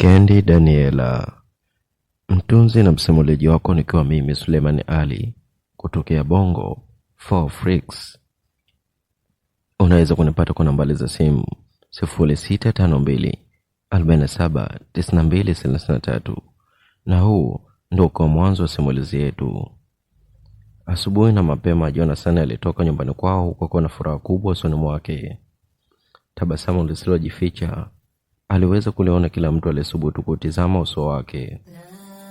Kendi Daniela, mtunzi na msimulizi wako, nikiwa mimi Suleiman Ali kutokea Bongo 4 Freaks. Unaweza kunipata kwa nambari za simu 0652 Na huu ndio kwa mwanzo wa simulizi yetu. Asubuhi na mapema, Jonathan alitoka nyumbani kwao huku akiwa na furaha kubwa usoni mwake, tabasamu lisilojificha aliweza kuliona kila mtu aliyesubutu kutizama uso wake.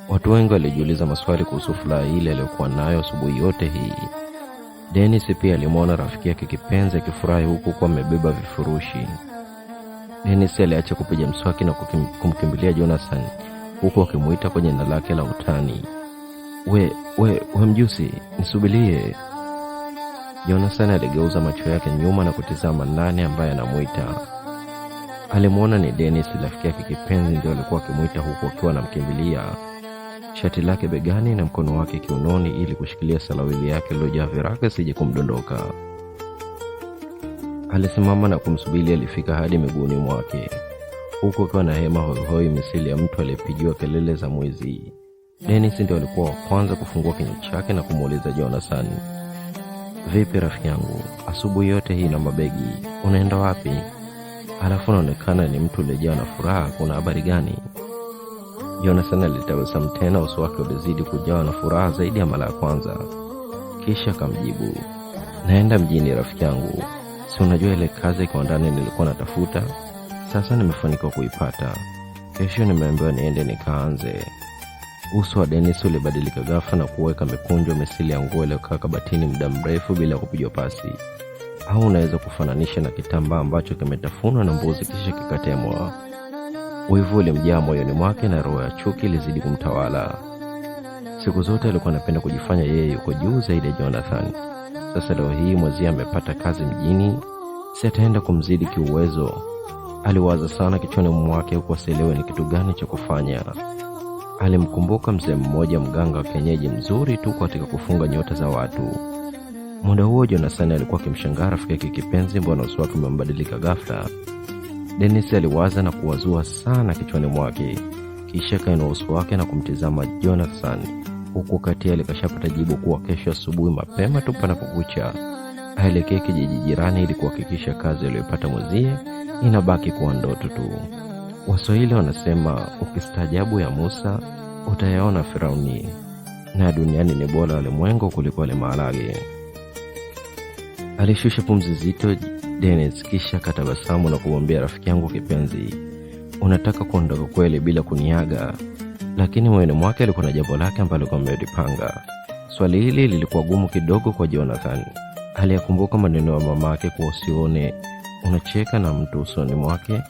Watu wengi walijiuliza maswali kuhusu furaha ile aliyokuwa nayo asubuhi yote hii. Dennis pia alimwona rafiki yake kipenzi akifurahi huku kuwa amebeba vifurushi. Dennis aliacha kupiga mswaki na kukim, kumkimbilia Jonathan huku akimuita kwa jina lake la utani, we, we, we mjusi, nisubilie. Jonathan aligeuza macho yake nyuma na kutizama nani ambaye anamuita. Alimwona ni denis rafiki yake kipenzi, ndio alikuwa akimwita huku akiwa anamkimbilia, shati lake begani na mkono wake kiunoni, ili kushikilia salawili yake iliyojaa viraka sije kumdondoka. Alisimama na kumsubiri, alifika hadi miguuni mwake, huku akiwa na hema hoihoi misili ya mtu aliyepigiwa kelele za mwizi. denis ndio alikuwa wa kwanza kufungua kinywa chake na kumuuliza Jonathan, vipi rafiki yangu, asubuhi yote hii na mabegi, unaenda wapi? alafu anaonekana ni mtu uliejawa na furaha. Kuna habari gani? Jonathan alitabasamu tena, uso wake ulizidi kujawa na furaha zaidi ya mara ya kwanza, kisha akamjibu, naenda mjini rafiki yangu, si unajua ile kazi ya ndani nilikuwa natafuta, sasa nimefanikiwa kuipata. Kesho nimeambiwa niende nikaanze. Uso wa Dennis ulibadilika ghafla na kuweka mikunjo misili ya nguo iliyokaa kabatini muda mrefu bila kupigwa pasi au unaweza kufananisha na kitambaa ambacho kimetafunwa na mbuzi kisha kikatemwa. Wivu ulimjaa moyoni mwake na roho ya chuki ilizidi kumtawala. Siku zote alikuwa anapenda kujifanya yeye yuko juu zaidi ya Jonathan. Sasa leo hii mwezie amepata kazi mjini, si ataenda kumzidi kiuwezo? Aliwaza sana kichwani mwake, huku asielewe ni kitu gani cha kufanya. Alimkumbuka mzee mmoja, mganga wa kienyeji mzuri tu katika kufunga nyota za watu. Muda huo Jonathan alikuwa akimshangaa rafiki yake kipenzi, mbona uso wake umembadilika ghafla. denis aliwaza na kuwazua sana kichwani mwake, kisha akainua uso wake na kumtizama Jonathan, huku kati alikashapata jibu kuwa kesho asubuhi mapema tu panapokucha aelekee kijiji jirani ili kuhakikisha kazi aliyopata mwenzie inabaki kuwa ndoto tu. Waswahili wanasema ukistaajabu ya Musa utayaona Firauni, na duniani ni bora wale kuliko wale maharage. Alishusha pumzi zito Dennis kisha akatabasamu na kumwambia, rafiki yangu kipenzi, unataka kuondoka kweli bila kuniaga? Lakini moyoni mwake alikuwa na jambo lake ambalo alikuwa amelipanga. Swali hili lilikuwa gumu kidogo kwa Jonathan. Aliyakumbuka maneno ya mamake kuwa usione unacheka na mtu usoni mwake.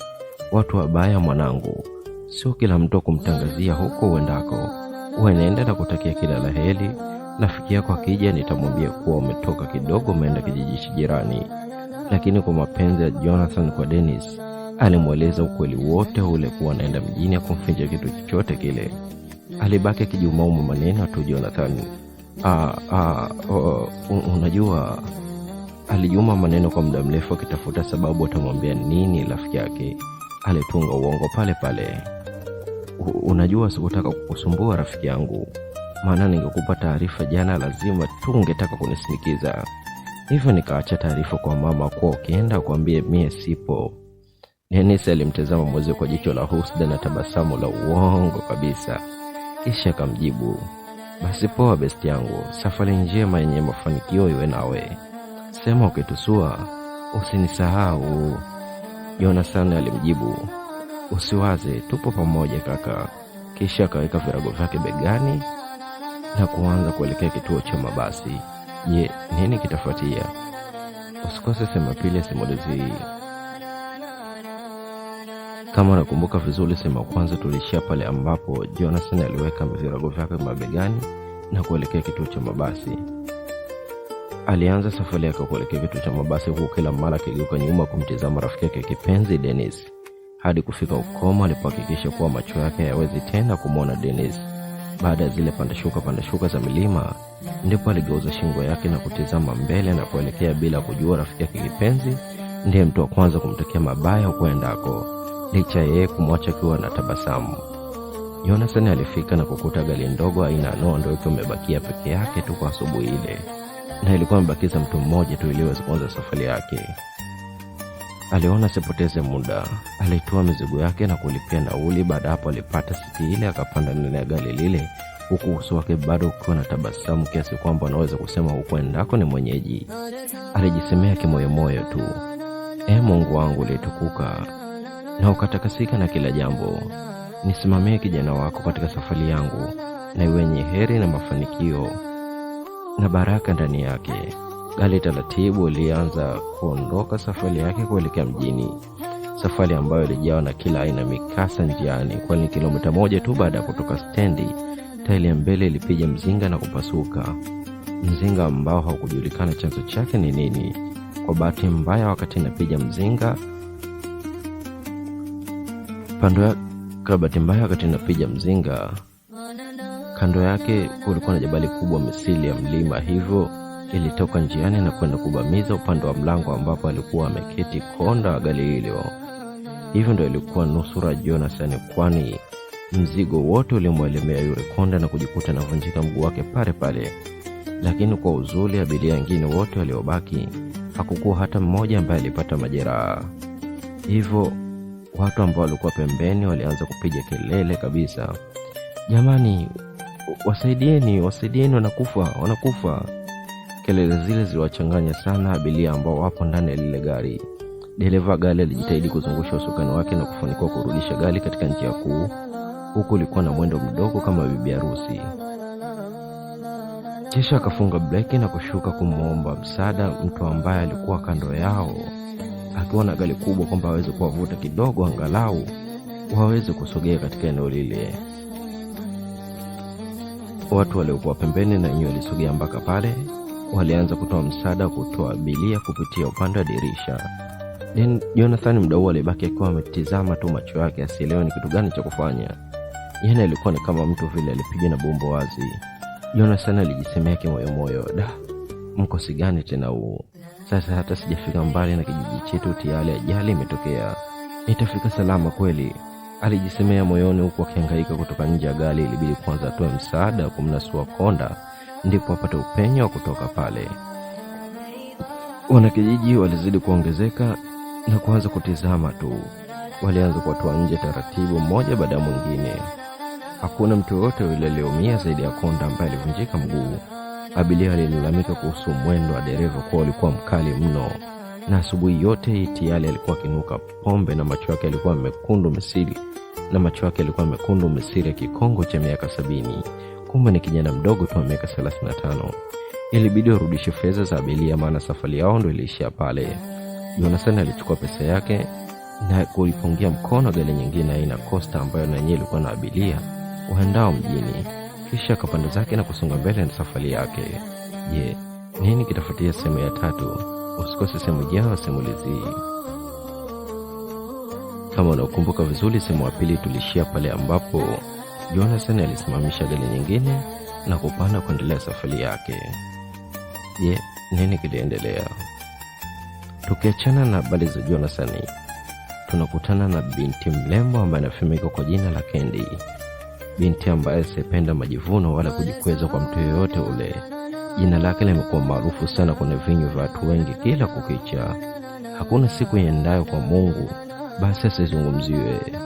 Watu wabaya, mwanangu, sio kila mtu wa kumtangazia huko uendako. Uenenda na kutakia kila la heri Rafiki yako akija, nitamwambia kuwa umetoka kidogo, umeenda kijiji jirani. Lakini kwa mapenzi ya Jonathan kwa Dennis, alimweleza ukweli wote ule kuwa anaenda mjini ya kitu chochote kile. Alibaki akijumauma maneno tu Jonathan. Ah, ah, oh, unajua alijuma maneno kwa muda mrefu akitafuta sababu atamwambia nini rafiki yake. Alitunga uongo pale pale. Unajua, sikutaka kukusumbua rafiki yangu, maana ningekupa taarifa jana, lazima tu ungetaka kunisindikiza. Hivyo nikaacha taarifa kwa mama kuwa ukienda kuambie mie sipo. Denisi alimtazama mwezi kwa jicho la husda na tabasamu la uongo kabisa, kisha akamjibu, basi poa besti yangu, safari njema yenye mafanikio iwe nawe, sema ukitusua usinisahau. Jonathan alimjibu, usiwaze, tupo pamoja kaka. Kisha akaweka virago vyake begani na kuanza kuelekea kituo cha mabasi. Je, nini kitafuatia? Usikose sehemu pili ya simulizi hii. Kama unakumbuka vizuri, sehemu ya kwanza tuliishia pale ambapo Jonathan aliweka virago vyake mabegani na kuelekea kituo cha mabasi. Alianza safari yake kuelekea kituo cha mabasi, huku kila mara akigeuka nyuma kumtizama rafiki yake kipenzi Dennis, hadi kufika ukoma alipohakikisha kuwa macho yake hayawezi tena kumwona Dennis. Baada ya zile pandashuka pandashuka za milima, ndipo aligeuza shingo yake na kutizama mbele na kuelekea, bila kujua rafiki yake kipenzi ndiye mtu wa kwanza kumtokea mabaya huko endako, licha yeye kumwacha akiwa na tabasamu. Jonathan alifika na kukuta gari ndogo aina ya noa ndio ikiwa imebakia peke yake tu kwa asubuhi ile, na ilikuwa amebakiza mtu mmoja tu iliyoweza kuanza safari yake. Aliona asipoteze muda, alitoa mizigo yake na kulipia nauli. Baada hapo, alipata siti ile akapanda ndani ya gari lile, huku uso wake bado ukiwa na tabasamu kiasi kwamba anaweza kusema huko endako ni mwenyeji. Alijisemea kimoyomoyo tu, e, Mungu wangu ulitukuka na ukatakasika na kila jambo, nisimamie kijana wako katika safari yangu, na iwe heri na mafanikio na baraka ndani yake. Gari taratibu ilianza kuondoka safari yake kuelekea mjini, safari ambayo ilijawa na kila aina mikasa njiani, kwani kilomita moja tu baada ya kutoka stendi taili ya mbele ilipiga mzinga na kupasuka, mzinga ambao haukujulikana chanzo chake ni nini. Kwa bahati mbaya, wakati inapiga mzinga pando ya kwa bahati mbaya, wakati inapiga mzinga, kando yake kulikuwa na jabali kubwa misili ya mlima, hivyo ilitoka njiani na kwenda kubamiza upande wa mlango ambapo alikuwa ameketi konda wa hilo Hivyo ndo ilikuwa nusura Jonasani, kwani mzigo wote ulimwelemea yule konda na kujikuta anavunjika mguu wake pale pale. Lakini kwa uzuri, abiria wengine wote waliobaki hakukuwa hata mmoja ambaye alipata majeraha, hivyo watu ambao walikuwa pembeni walianza kupiga kelele kabisa, jamani, wasaidieni, wasaidieni, wanakufa, wanakufa! Kelele zile ziliwachanganya sana abiria ambao wapo ndani ya lile gari. Dereva gari alijitahidi kuzungusha usukani wake na kufanikiwa kurudisha gari katika njia kuu, huku ulikuwa na mwendo mdogo kama bibi harusi. Kisha akafunga breki na kushuka kumwomba msaada mtu ambaye alikuwa kando yao akiwa na gari kubwa, kwamba aweze kuwavuta kidogo, angalau waweze kusogea katika eneo lile. Watu waliokuwa pembeni na wenyewe walisogea mpaka pale walianza kutoa msaada wa kutoa abilia kupitia upande wa dirisha. Jonathan muda huo alibaki akiwa ametizama tu, macho yake asielewe ni kitu gani cha kufanya. Yani alikuwa ni kama mtu vile alipigwa na bombo wazi. Jonathan alijisemea kimoyomoyo, da, mkosi gani tena huu? Sasa hata sijafika mbali na kijiji chetu, tayari ajali imetokea. Nitafika salama kweli? Alijisemea moyoni, huku akihangaika kutoka nje ya gari. Ilibidi kwanza atoe msaada kumnasua konda ndipo wapate upenyo wa kutoka pale. Wanakijiji walizidi kuongezeka na kuanza kutizama tu. Walianza kuwatoa nje taratibu, mmoja baada ya mwingine. Hakuna mtu yoyote yule aliyeumia zaidi ya konda ambaye alivunjika mguu. Abilia alilalamika kuhusu mwendo wa dereva kuwa ulikuwa mkali mno, na asubuhi yote Itiali alikuwa akinuka pombe na macho yake alikuwa mekundu misiri na macho yake alikuwa mekundu misiri ya kikongo cha miaka sabini. Kumbe ni kijana mdogo tu wa miaka 35. Ilibidi warudishe fedha za abiria, maana safari yao ndo iliishia pale. Jonathan alichukua pesa yake na kuipungia mkono gari nyingine aina Costa ambayo na yenyewe ilikuwa na abiria waendao mjini, kisha akapanda zake na kusonga mbele na safari yake. Je, nini kitafuatia sehemu ya tatu? Usikose sehemu ijayo simulizi hii. Kama unaokumbuka vizuri, sehemu ya pili tulishia pale ambapo Jonathan alisimamisha gari nyingine na kupanda kuendelea safari yake. Je, nini kiliendelea? Tukiachana na habari za Jonathan, tunakutana na binti mrembo ambaye anafahamika kwa jina la Kendi, binti ambaye asipenda majivuno wala kujikweza kwa mtu yeyote ule. Jina lake limekuwa maarufu sana kwenye vinywa vya watu wengi kila kukicha. Hakuna siku iendayo kwa Mungu basi asizungumziwe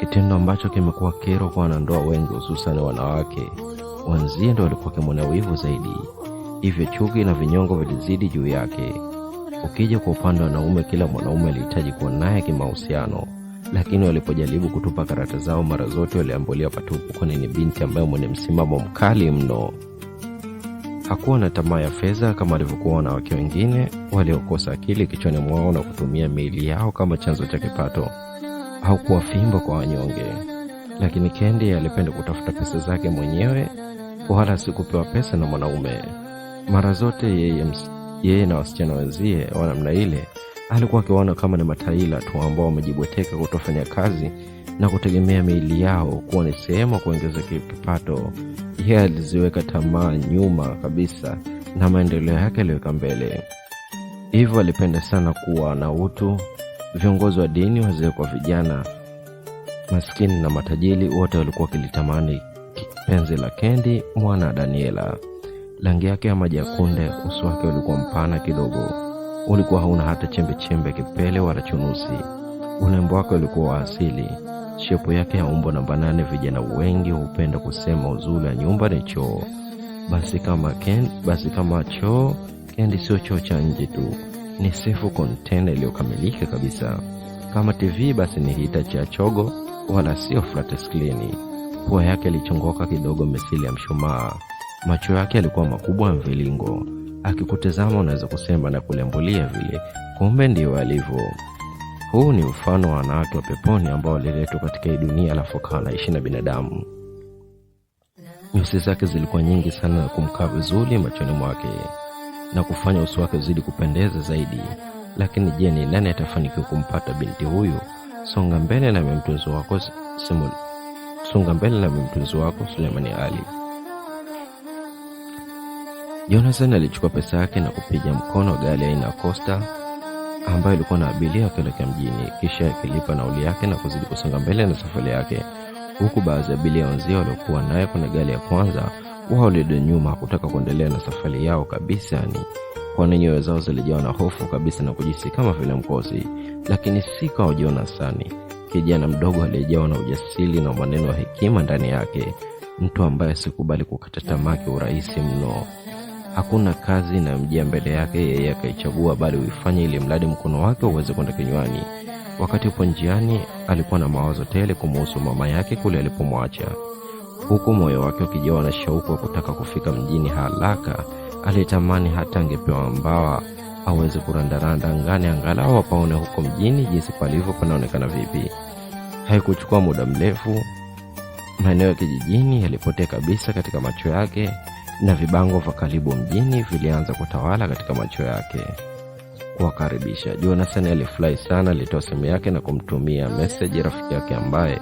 kitendo ambacho kimekuwa kero kwa wanandoa wengi, hususan wanawake. wanzie ndio walikuwa wakimwonea wivu zaidi, hivyo chuki na vinyongo vilizidi juu yake. Ukija kwa upande wa wanaume, kila mwanaume alihitaji kuwa naye kimahusiano, lakini walipojaribu kutupa karata zao, mara zote waliambulia patupu, kwani ni binti ambaye mwenye msimamo mkali mno. Hakuwa na tamaa ya fedha kama alivyokuwa wanawake wengine waliokosa akili kichwani mwao na kutumia miili yao kama chanzo cha kipato au kuwa fimbo kwa wanyonge, lakini Kendi alipenda kutafuta pesa zake mwenyewe, wala sikupewa pesa na mwanaume. Mara zote yeye, yeye na wasichana wenzie wa namna ile alikuwa akiwaona kama ni mataila tu ambao wamejibweteka kutofanya kazi na kutegemea miili yao kuwa ni sehemu ya kuongeza kipato. Yeye aliziweka tamaa nyuma kabisa na maendeleo yake aliweka mbele. Hivyo alipenda sana kuwa na utu, Viongozi wa dini, wazee kwa vijana, maskini na matajiri, wote walikuwa wakilitamani penzi la Kendi mwana Daniela. Rangi yake ya maji ya kunde, uso wake ulikuwa mpana kidogo, ulikuwa hauna hata chembechembe kipele wala chunusi. Urembo wake ulikuwa wa asili. Shepu yake ya umbo namba nane, vijana wengi hupenda kusema uzuri wa nyumba ni choo. Basi kama Ken, basi kama choo, Kendi sio choo cha nje tu ni sefu kontena iliyokamilika kabisa. Kama TV basi ni hita cha chogo, wala sio flat screen. Pua yake ilichongoka kidogo misili ya mshumaa. Macho yake yalikuwa makubwa ya mvilingo. Akikutazama unaweza kusema na kulembulia vile, kumbe ndio alivyo. Huu ni mfano wa wanawake wa peponi ambao waliletwa katika hii dunia alafu akawa anaishi na binadamu. Nyusi zake zilikuwa nyingi sana na kumkaa vizuri machoni mwake na kufanya uso wake uzidi kupendeza zaidi. Lakini je, ni nani atafanikiwa kumpata binti huyu? Songa mbele na mtunzi wako Simon, songa mbele na mtunzi wako Sulemani Ali. Jonathan alichukua pesa yake na kupiga mkono gari aina ya Costa ambayo ilikuwa na abiria akielekea mjini, kisha akilipa nauli yake na kuzidi kusonga mbele na safari yake, huku baadhi ya abiria wenzia waliokuwa naye kwenye gari ya kwanza wao walirudi nyuma, hakutaka kuendelea na safari yao kabisa, yani kwani nyoyo zao zilijawa na hofu kabisa na kujisi kama vile mkozi, lakini si kwa sani, kijana mdogo aliyejawa na ujasiri na maneno ya hekima ndani yake, mtu ambaye sikubali kukata tamaa urahisi mno. Hakuna kazi inayomjia mbele yake yeye akaichagua, bali uifanye ili mradi mkono wake uweze kwenda kinywani. Wakati upo njiani, alikuwa na mawazo tele kumuhusu mama yake kule alipomwacha huku moyo wake ukijawa na shauku ya kutaka kufika mjini haraka. Alitamani hata angepewa mbawa aweze kurandaranda ngani, angalau apaone huko mjini jinsi palivyo panaonekana vipi. Haikuchukua muda mrefu, maeneo ya kijijini yalipotea kabisa katika macho yake na vibango vya karibu mjini vilianza kutawala katika macho yake kuwakaribisha. Jonathan alifurahi sana, alitoa simu yake na kumtumia meseji rafiki yake ambaye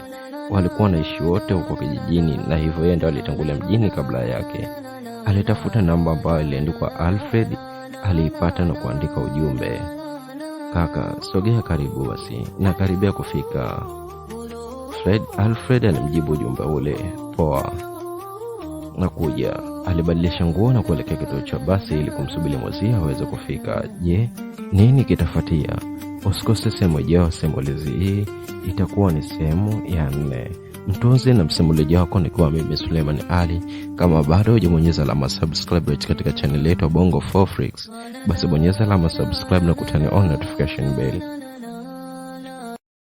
walikuwa naishi wote huko kijijini na hivyo yeye ndio alitangulia mjini kabla yake. Alitafuta namba ambayo iliandikwa Alfred, aliipata na kuandika ujumbe, kaka, sogea karibu basi, nakaribia kufika. Fred, Alfred alimjibu ujumbe ule, poa, nakuja. Alibadilisha nguo na kuelekea kituo cha basi ili kumsubili mwazia aweze kufika. Je, nini kitafuatia? Usikose sehemu ijayo. Simulizi hii itakuwa ni sehemu ya nne. Mtunzi na msimulizi wako nikiwa mimi Suleiman Ali. Kama bado hujabonyeza alama subscribe katika chaneli yetu ya Bongo 4 freaks basi bonyeza alama subscribe na kutani on notification bell